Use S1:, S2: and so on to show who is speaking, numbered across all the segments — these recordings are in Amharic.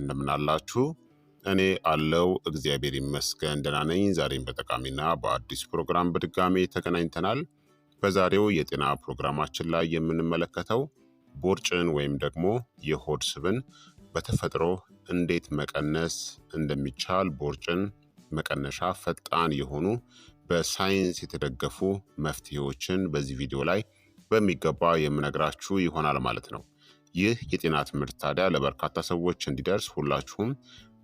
S1: እንደምናላችሁ እኔ አለው እግዚአብሔር ይመስገን ደህና ነኝ። ዛሬም በጠቃሚና በአዲስ ፕሮግራም በድጋሜ ተገናኝተናል። በዛሬው የጤና ፕሮግራማችን ላይ የምንመለከተው ቦርጭን ወይም ደግሞ የሆድ ስብን በተፈጥሮ እንዴት መቀነስ እንደሚቻል ቦርጭን መቀነሻ ፈጣን የሆኑ በሳይንስ የተደገፉ መፍትሄዎችን በዚህ ቪዲዮ ላይ በሚገባ የምነግራችሁ ይሆናል ማለት ነው። ይህ የጤና ትምህርት ታዲያ ለበርካታ ሰዎች እንዲደርስ ሁላችሁም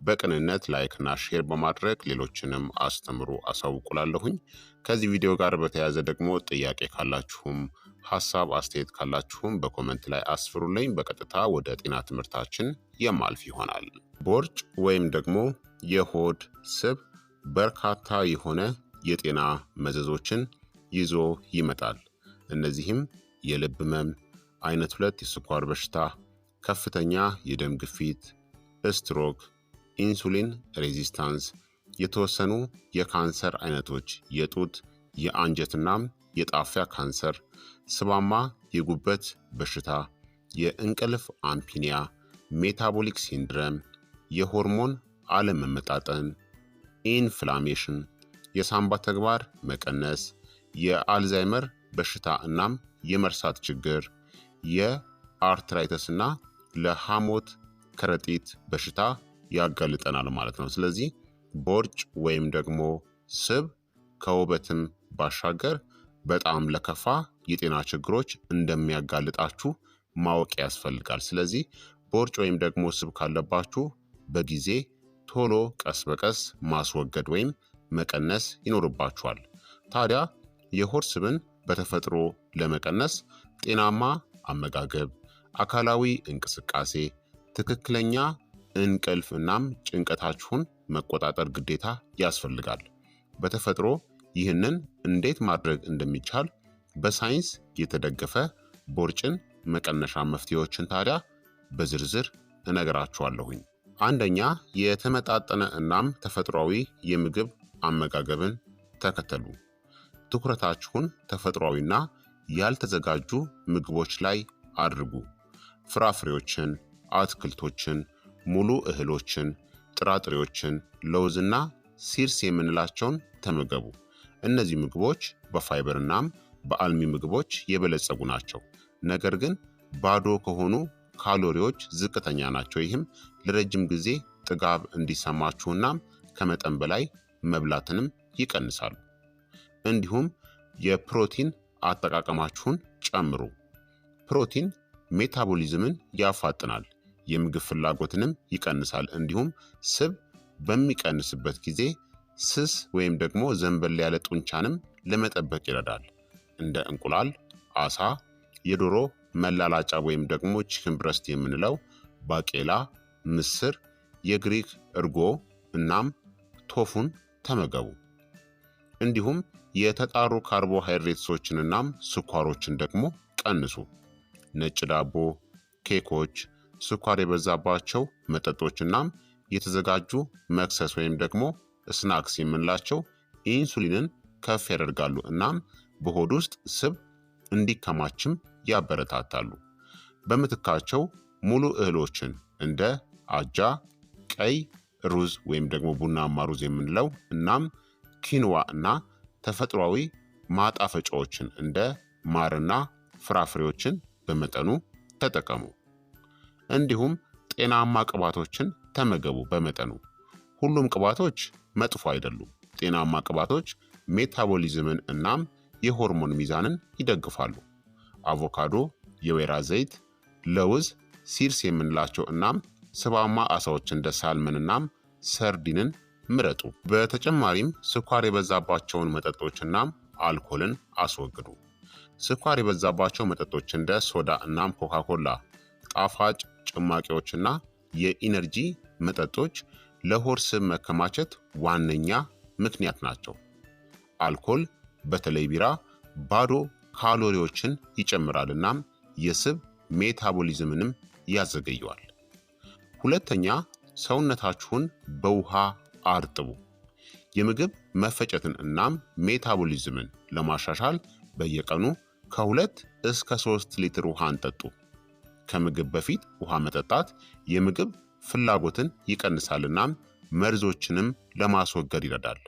S1: በቅንነት ላይክና ሼር በማድረግ ሌሎችንም አስተምሩ አሳውቁላለሁኝ። ከዚህ ቪዲዮ ጋር በተያያዘ ደግሞ ጥያቄ ካላችሁም ሀሳብ አስተያየት ካላችሁም በኮመንት ላይ አስፍሩልኝ። በቀጥታ ወደ ጤና ትምህርታችን የማልፍ ይሆናል። ቦርጭ ወይም ደግሞ የሆድ ስብ በርካታ የሆነ የጤና መዘዞችን ይዞ ይመጣል። እነዚህም የልብ ህመም፣ አይነት ሁለት የስኳር በሽታ፣ ከፍተኛ የደም ግፊት፣ ስትሮክ፣ ኢንሱሊን ሬዚስታንስ፣ የተወሰኑ የካንሰር አይነቶች የጡት የአንጀትናም የጣፊያ ካንሰር፣ ስባማ የጉበት በሽታ፣ የእንቅልፍ አምፒኒያ፣ ሜታቦሊክ ሲንድረም፣ የሆርሞን አለመመጣጠን፣ ኢንፍላሜሽን፣ የሳምባ ተግባር መቀነስ፣ የአልዛይመር በሽታ እናም የመርሳት ችግር የአርትራይተስ እና ለሐሞት ከረጢት በሽታ ያጋልጠናል ማለት ነው። ስለዚህ ቦርጭ ወይም ደግሞ ስብ ከውበትም ባሻገር በጣም ለከፋ የጤና ችግሮች እንደሚያጋልጣችሁ ማወቅ ያስፈልጋል። ስለዚህ ቦርጭ ወይም ደግሞ ስብ ካለባችሁ በጊዜ ቶሎ ቀስ በቀስ ማስወገድ ወይም መቀነስ ይኖርባችኋል። ታዲያ የሆድ ስብን በተፈጥሮ ለመቀነስ ጤናማ አመጋገብ፣ አካላዊ እንቅስቃሴ፣ ትክክለኛ እንቅልፍ እናም ጭንቀታችሁን መቆጣጠር ግዴታ ያስፈልጋል። በተፈጥሮ ይህንን እንዴት ማድረግ እንደሚቻል በሳይንስ የተደገፈ ቦርጭን መቀነሻ መፍትሄዎችን ታዲያ በዝርዝር እነግራችኋለሁኝ። አንደኛ የተመጣጠነ እናም ተፈጥሯዊ የምግብ አመጋገብን ተከተሉ። ትኩረታችሁን ተፈጥሯዊና ያልተዘጋጁ ምግቦች ላይ አድርጉ። ፍራፍሬዎችን፣ አትክልቶችን፣ ሙሉ እህሎችን፣ ጥራጥሬዎችን፣ ለውዝና ሲርስ የምንላቸውን ተመገቡ። እነዚህ ምግቦች በፋይበር እናም በአልሚ ምግቦች የበለጸጉ ናቸው፣ ነገር ግን ባዶ ከሆኑ ካሎሪዎች ዝቅተኛ ናቸው። ይህም ለረጅም ጊዜ ጥጋብ እንዲሰማችሁና ከመጠን በላይ መብላትንም ይቀንሳሉ። እንዲሁም የፕሮቲን አጠቃቀማችሁን ጨምሩ። ፕሮቲን ሜታቦሊዝምን ያፋጥናል፣ የምግብ ፍላጎትንም ይቀንሳል። እንዲሁም ስብ በሚቀንስበት ጊዜ ስስ ወይም ደግሞ ዘንበል ያለ ጡንቻንም ለመጠበቅ ይረዳል። እንደ እንቁላል፣ አሳ፣ የዶሮ መላላጫ ወይም ደግሞ ቺክን ብረስት የምንለው፣ ባቄላ፣ ምስር፣ የግሪክ እርጎ እናም ቶፉን ተመገቡ። እንዲሁም የተጣሩ ካርቦሃይድሬትሶችንና ስኳሮችን ደግሞ ቀንሱ። ነጭ ዳቦ፣ ኬኮች፣ ስኳር የበዛባቸው መጠጦችናም የተዘጋጁ መክሰስ ወይም ደግሞ ስናክስ የምንላቸው ኢንሱሊንን ከፍ ያደርጋሉ እናም በሆድ ውስጥ ስብ እንዲከማችም ያበረታታሉ። በምትካቸው ሙሉ እህሎችን እንደ አጃ፣ ቀይ ሩዝ ወይም ደግሞ ቡናማ ሩዝ የምንለው እናም ኪንዋ እና ተፈጥሯዊ ማጣፈጫዎችን እንደ ማርና ፍራፍሬዎችን በመጠኑ ተጠቀሙ። እንዲሁም ጤናማ ቅባቶችን ተመገቡ በመጠኑ። ሁሉም ቅባቶች መጥፎ አይደሉም። ጤናማ ቅባቶች ሜታቦሊዝምን እናም የሆርሞን ሚዛንን ይደግፋሉ። አቮካዶ፣ የወይራ ዘይት፣ ለውዝ፣ ሲርስ የምንላቸው እናም ስባማ አሳዎች እንደ ሳልመን እናም ሰርዲንን ምረጡ። በተጨማሪም ስኳር የበዛባቸውን መጠጦችና አልኮልን አስወግዱ። ስኳር የበዛባቸው መጠጦች እንደ ሶዳ እናም ኮካኮላ፣ ጣፋጭ ጭማቂዎችና የኢነርጂ መጠጦች ለሆድ ስብ መከማቸት ዋነኛ ምክንያት ናቸው። አልኮል በተለይ ቢራ ባዶ ካሎሪዎችን ይጨምራል እናም የስብ ሜታቦሊዝምንም ያዘገየዋል። ሁለተኛ ሰውነታችሁን በውሃ አርጥቡ። የምግብ መፈጨትን እናም ሜታቦሊዝምን ለማሻሻል በየቀኑ ከሁለት እስከ ሶስት ሊትር ውሃን ጠጡ። ከምግብ በፊት ውሃ መጠጣት የምግብ ፍላጎትን ይቀንሳል እናም መርዞችንም ለማስወገድ ይረዳል።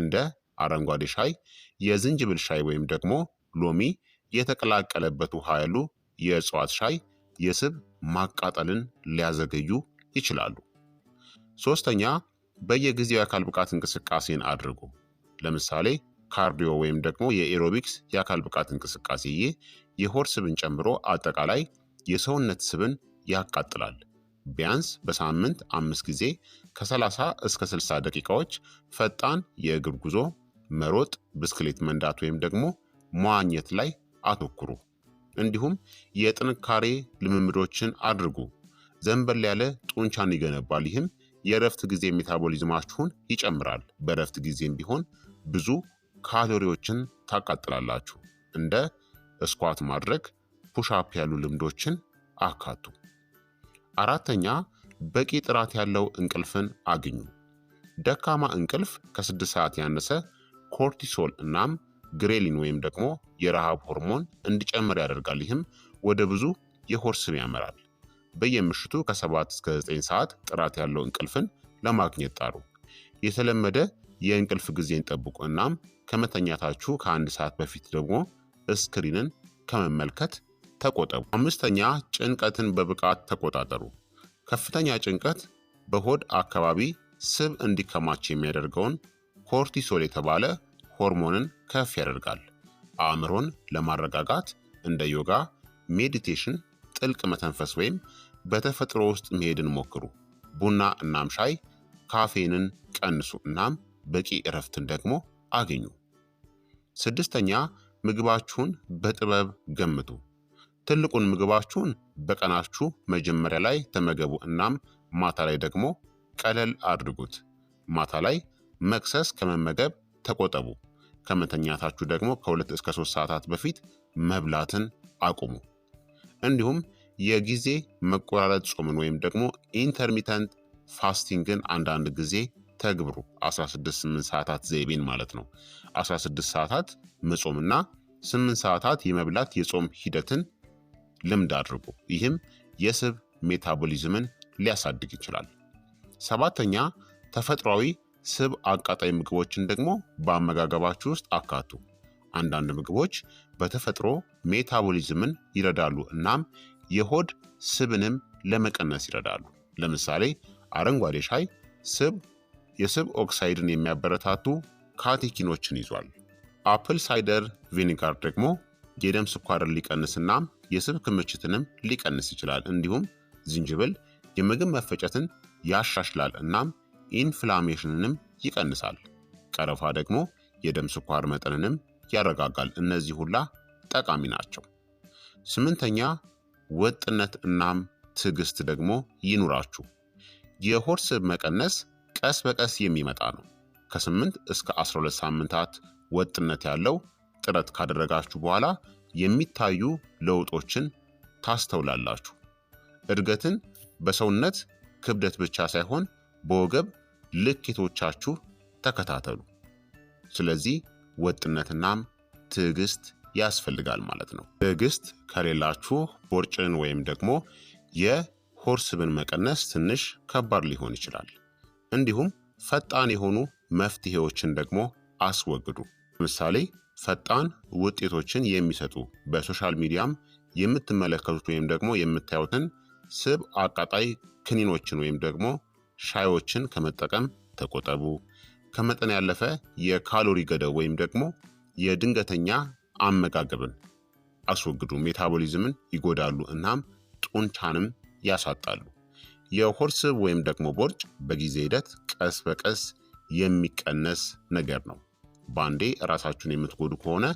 S1: እንደ አረንጓዴ ሻይ፣ የዝንጅብል ሻይ ወይም ደግሞ ሎሚ የተቀላቀለበት ውሃ ያሉ የእጽዋት ሻይ የስብ ማቃጠልን ሊያዘገዩ ይችላሉ። ሶስተኛ በየጊዜው የአካል ብቃት እንቅስቃሴን አድርጉ። ለምሳሌ ካርዲዮ ወይም ደግሞ የኤሮቢክስ የአካል ብቃት እንቅስቃሴ። ይህ የሆድ ስብን ጨምሮ አጠቃላይ የሰውነት ስብን ያቃጥላል። ቢያንስ በሳምንት አምስት ጊዜ ከ30 እስከ 60 ደቂቃዎች ፈጣን የእግር ጉዞ፣ መሮጥ፣ ብስክሌት መንዳት ወይም ደግሞ መዋኘት ላይ አተኩሩ። እንዲሁም የጥንካሬ ልምምዶችን አድርጉ። ዘንበል ያለ ጡንቻን ይገነባል። ይህም የእረፍት ጊዜ ሜታቦሊዝማችሁን ይጨምራል። በእረፍት ጊዜም ቢሆን ብዙ ካሎሪዎችን ታቃጥላላችሁ። እንደ ስኳት ማድረግ፣ ፑሻፕ ያሉ ልምዶችን አካቱ። አራተኛ በቂ ጥራት ያለው እንቅልፍን አግኙ። ደካማ እንቅልፍ ከስድስት ሰዓት ያነሰ ኮርቲሶል እናም ግሬሊን ወይም ደግሞ የረሃብ ሆርሞን እንዲጨምር ያደርጋል። ይህም ወደ ብዙ የሆድ ስም ያመራል። በየምሽቱ ከ7 እስከ 9 ሰዓት ጥራት ያለው እንቅልፍን ለማግኘት ጣሩ። የተለመደ የእንቅልፍ ጊዜን ጠብቁ። እናም ከመተኛታችሁ ከአንድ ሰዓት በፊት ደግሞ ስክሪንን ከመመልከት ተቆጠቡ። አምስተኛ ጭንቀትን በብቃት ተቆጣጠሩ። ከፍተኛ ጭንቀት በሆድ አካባቢ ስብ እንዲከማች የሚያደርገውን ኮርቲሶል የተባለ ሆርሞንን ከፍ ያደርጋል። አእምሮን ለማረጋጋት እንደ ዮጋ፣ ሜዲቴሽን ጥልቅ መተንፈስ ወይም በተፈጥሮ ውስጥ መሄድን ሞክሩ። ቡና እናም ሻይ ካፌንን ቀንሱ፣ እናም በቂ እረፍትን ደግሞ አግኙ። ስድስተኛ ምግባችሁን በጥበብ ገምቱ። ትልቁን ምግባችሁን በቀናችሁ መጀመሪያ ላይ ተመገቡ፣ እናም ማታ ላይ ደግሞ ቀለል አድርጉት። ማታ ላይ መክሰስ ከመመገብ ተቆጠቡ። ከመተኛታችሁ ደግሞ ከሁለት እስከ ሶስት ሰዓታት በፊት መብላትን አቁሙ። እንዲሁም የጊዜ መቆራረጥ ጾምን ወይም ደግሞ ኢንተርሚተንት ፋስቲንግን አንዳንድ ጊዜ ተግብሩ 16 ሰዓታት ዘይቤን ማለት ነው። 16 ሰዓታት መጾምና 8 ሰዓታት የመብላት የጾም ሂደትን ልምድ አድርጉ። ይህም የስብ ሜታቦሊዝምን ሊያሳድግ ይችላል። ሰባተኛ ተፈጥሯዊ ስብ አቃጣይ ምግቦችን ደግሞ በአመጋገባችሁ ውስጥ አካቱ። አንዳንድ ምግቦች በተፈጥሮ ሜታቦሊዝምን ይረዳሉ። እናም የሆድ ስብንም ለመቀነስ ይረዳሉ። ለምሳሌ አረንጓዴ ሻይ ስብ የስብ ኦክሳይድን የሚያበረታቱ ካቴኪኖችን ይዟል። አፕል ሳይደር ቪኒጋር ደግሞ የደም ስኳርን ሊቀንስ እናም የስብ ክምችትንም ሊቀንስ ይችላል። እንዲሁም ዝንጅብል የምግብ መፈጨትን ያሻሽላል እናም ኢንፍላሜሽንንም ይቀንሳል። ቀረፋ ደግሞ የደም ስኳር መጠንንም ያረጋጋል። እነዚህ ሁላ ጠቃሚ ናቸው። ስምንተኛ ወጥነት እናም ትዕግስት ደግሞ ይኑራችሁ። የሆድ ስብ መቀነስ ቀስ በቀስ የሚመጣ ነው። ከ8 እስከ 12 ሳምንታት ወጥነት ያለው ጥረት ካደረጋችሁ በኋላ የሚታዩ ለውጦችን ታስተውላላችሁ። እድገትን በሰውነት ክብደት ብቻ ሳይሆን በወገብ ልኬቶቻችሁ ተከታተሉ። ስለዚህ ወጥነትናም ትዕግስት ያስፈልጋል ማለት ነው። ትዕግስት ከሌላችሁ ቦርጭን ወይም ደግሞ የሆርስብን መቀነስ ትንሽ ከባድ ሊሆን ይችላል። እንዲሁም ፈጣን የሆኑ መፍትሄዎችን ደግሞ አስወግዱ። ለምሳሌ ፈጣን ውጤቶችን የሚሰጡ በሶሻል ሚዲያም የምትመለከቱት ወይም ደግሞ የምታዩትን ስብ አቃጣይ ክኒኖችን ወይም ደግሞ ሻዮችን ከመጠቀም ተቆጠቡ። ከመጠን ያለፈ የካሎሪ ገደብ ወይም ደግሞ የድንገተኛ አመጋገብን አስወግዱ፣ ሜታቦሊዝምን ይጎዳሉ፣ እናም ጡንቻንም ያሳጣሉ። የሆድ ስብ ወይም ደግሞ ቦርጭ በጊዜ ሂደት ቀስ በቀስ የሚቀነስ ነገር ነው። ባንዴ ራሳችሁን የምትጎዱ ከሆነ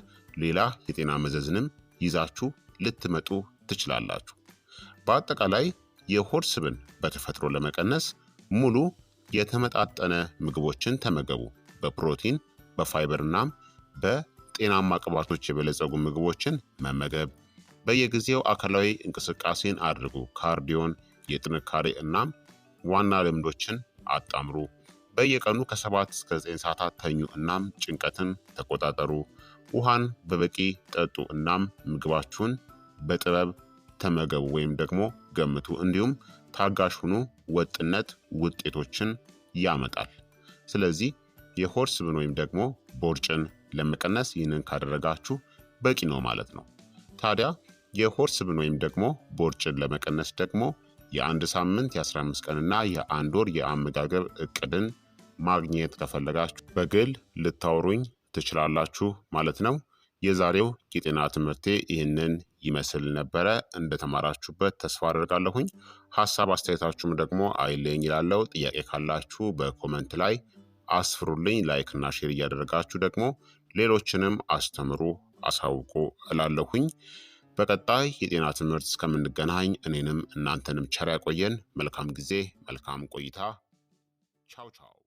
S1: ሌላ የጤና መዘዝንም ይዛችሁ ልትመጡ ትችላላችሁ። በአጠቃላይ የሆድ ስብን በተፈጥሮ ለመቀነስ ሙሉ የተመጣጠነ ምግቦችን ተመገቡ። በፕሮቲን በፋይበር እናም በ በጤናማ ቅባቶች የበለጸጉ ምግቦችን መመገብ፣ በየጊዜው አካላዊ እንቅስቃሴን አድርጉ። ካርዲዮን፣ የጥንካሬ እናም ዋና ልምዶችን አጣምሩ። በየቀኑ ከ7 እስከ 9 ሰዓታት ተኙ እናም ጭንቀትን ተቆጣጠሩ። ውሃን በበቂ ጠጡ እናም ምግባችሁን በጥበብ ተመገቡ ወይም ደግሞ ገምቱ። እንዲሁም ታጋሽ ሁኑ። ወጥነት ውጤቶችን ያመጣል። ስለዚህ የሆድ ስብን ወይም ደግሞ ቦርጭን ለመቀነስ ይህንን ካደረጋችሁ በቂ ነው ማለት ነው። ታዲያ የሆድ ስብን ወይም ደግሞ ቦርጭን ለመቀነስ ደግሞ የአንድ ሳምንት የ15 ቀንና የአንድ ወር የአመጋገብ እቅድን ማግኘት ከፈለጋችሁ በግል ልታወሩኝ ትችላላችሁ ማለት ነው። የዛሬው የጤና ትምህርቴ ይህንን ይመስል ነበረ። እንደተማራችሁበት ተስፋ አደርጋለሁኝ። ሀሳብ አስተያየታችሁም ደግሞ አይለኝ ይላለው። ጥያቄ ካላችሁ በኮመንት ላይ አስፍሩልኝ። ላይክና ሼር እያደረጋችሁ ደግሞ ሌሎችንም አስተምሩ አሳውቁ እላለሁኝ። በቀጣይ የጤና ትምህርት እስከምንገናኝ እኔንም እናንተንም ቸር ያቆየን። መልካም ጊዜ፣ መልካም ቆይታ። ቻው ቻው